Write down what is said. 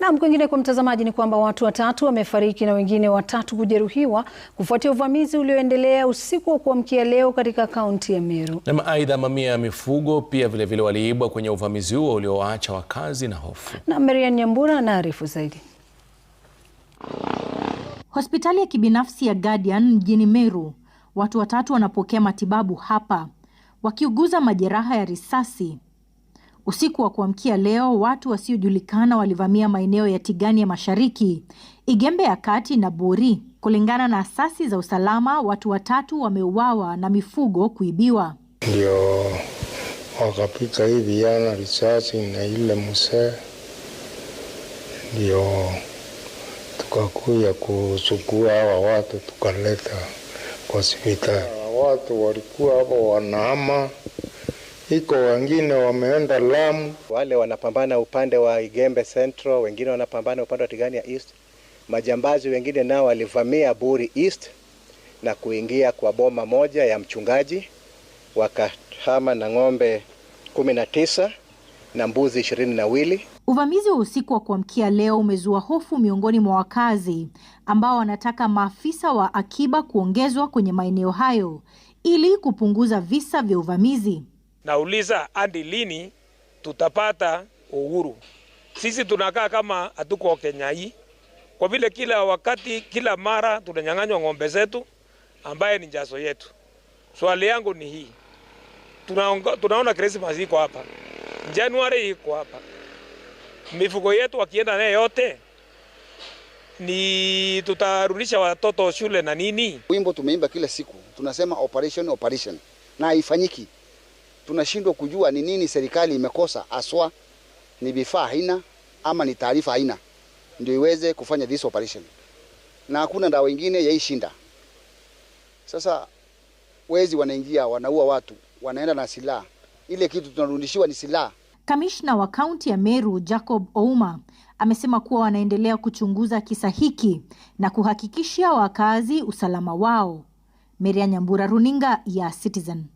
Nam kwingine kwa mtazamaji ni kwamba watu watatu wamefariki na wengine watatu kujeruhiwa kufuatia uvamizi ulioendelea usiku wa kuamkia leo katika kaunti ya Meru. Na aidha, mamia ya mifugo pia vilevile waliibwa kwenye uvamizi huo uliowaacha wakazi na hofu. Na Marian Nyambura anaarifu zaidi. Hospitali ya kibinafsi ya Guardian mjini Meru, watu watatu wanapokea matibabu hapa wakiuguza majeraha ya risasi Usiku wa kuamkia leo, watu wasiojulikana walivamia maeneo ya Tigania ya Mashariki, Igembe ya Kati na buri Kulingana na asasi za usalama, watu watatu wameuawa na mifugo kuibiwa. Ndio wakapika hii viana risasi na ile msee, ndio tukakuya kusukua hawa watu tukaleta kwa hospitali. Watu walikuwa hapo wanaama iko wengine wameenda Lamu, wale wanapambana upande wa Igembe Central, wengine wanapambana upande wa Tigania East. Majambazi wengine nao walivamia Buri East na kuingia kwa boma moja ya mchungaji, wakahama na ng'ombe kumi na na mbuzi ishirini na wili. Uvamizi wa usiku wa kuamkia leo umezua hofu miongoni mwa wakazi ambao wanataka maafisa wa akiba kuongezwa kwenye maeneo hayo ili kupunguza visa vya uvamizi. Nauliza, hadi lini tutapata uhuru? Sisi tunakaa kama hatuko Kenya hii, kwa vile kila wakati, kila mara tunanyang'anywa ng'ombe zetu ambaye ni jaso yetu. Swali yangu ni hii, tunaonga, tunaona Christmas iko hapa, Januari iko hapa, mifugo yetu wakienda naye yote ni tutarudisha watoto shule na nini? Wimbo tumeimba kila siku, tunasema operation operation, na haifanyiki tunashindwa kujua ni nini serikali imekosa aswa, ni vifaa haina ama ni taarifa haina, ndio iweze kufanya this operation, na hakuna dawa ingine ishinda. Sasa wezi wanaingia wanaua watu, wanaenda na silaha, ile kitu tunarudishiwa ni silaha. Kamishna wa kaunti ya Meru Jacob Ouma amesema kuwa wanaendelea kuchunguza kisa hiki na kuhakikishia wakazi usalama wao. Meria Nyambura, runinga ya Citizen.